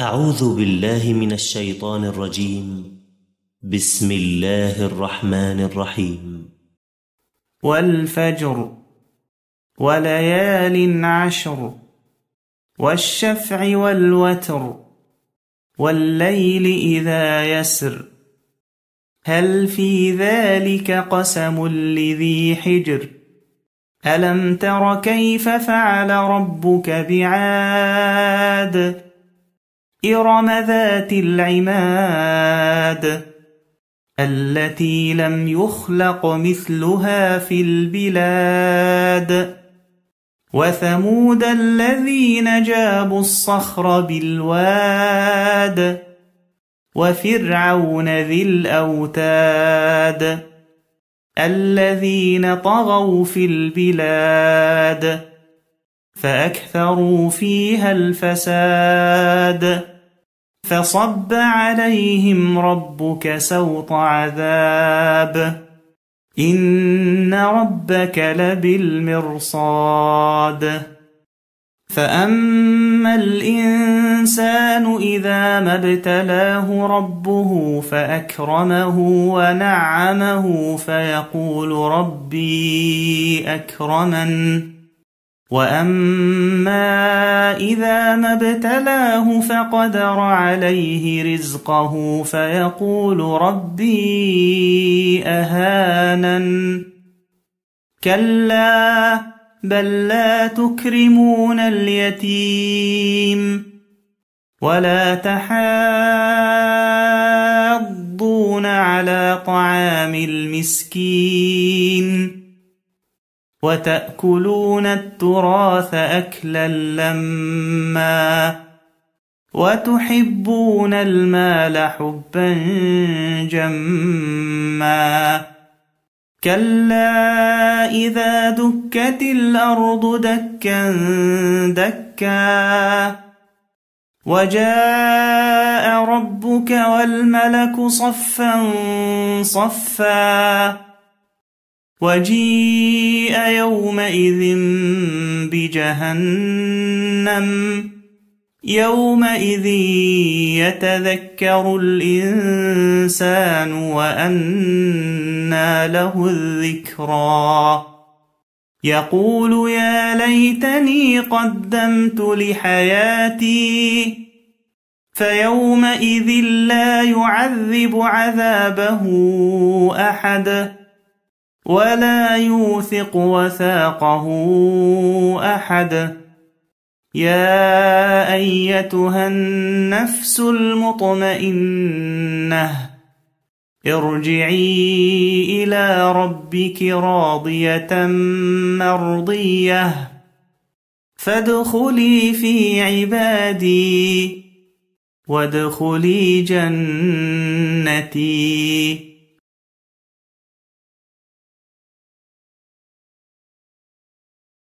أعوذ بالله من الشيطان الرجيم بسم الله الرحمن الرحيم والفجر وليال عشر والشفع والوتر والليل إذا يسر هل في ذلك قسم لذي حجر ألم تر كيف فعل ربك بعاد؟ إرم ذات العماد التي لم يخلق مثلها في البلاد وثمود الذين جابوا الصخر بالواد وفرعون ذي الأوتاد الذين طغوا في البلاد فأكثروا فيها الفساد فصب عليهم ربك سوط عذاب إن ربك لبالمرصاد فأما الإنسان إذا ما ابتلاه ربه فأكرمه ونعمه فيقول ربي أكرمن وأما إذا ما ابتلاه فقدر عليه رزقه فيقول ربي أهانن كلا بل لا تكرمون اليتيم ولا تحاضون على طعام المسكين وتأكلون التراث أكلا لما وتحبون المال حبا جما كلا إذا دكت الأرض دكا دكا وجاء ربك والملك صفا صفا وجيء يومئذ بجهنم يومئذ يتذكر الإنسان وأنى له الذكرى يقول يا ليتني قدمت لحياتي فيومئذ لا يعذب عذابه أحد ولا يوثق وثاقه أحد يا أيتها النفس المطمئنة ارجعي إلى ربك راضية مرضية فادخلي في عبادي وادخلي جنتي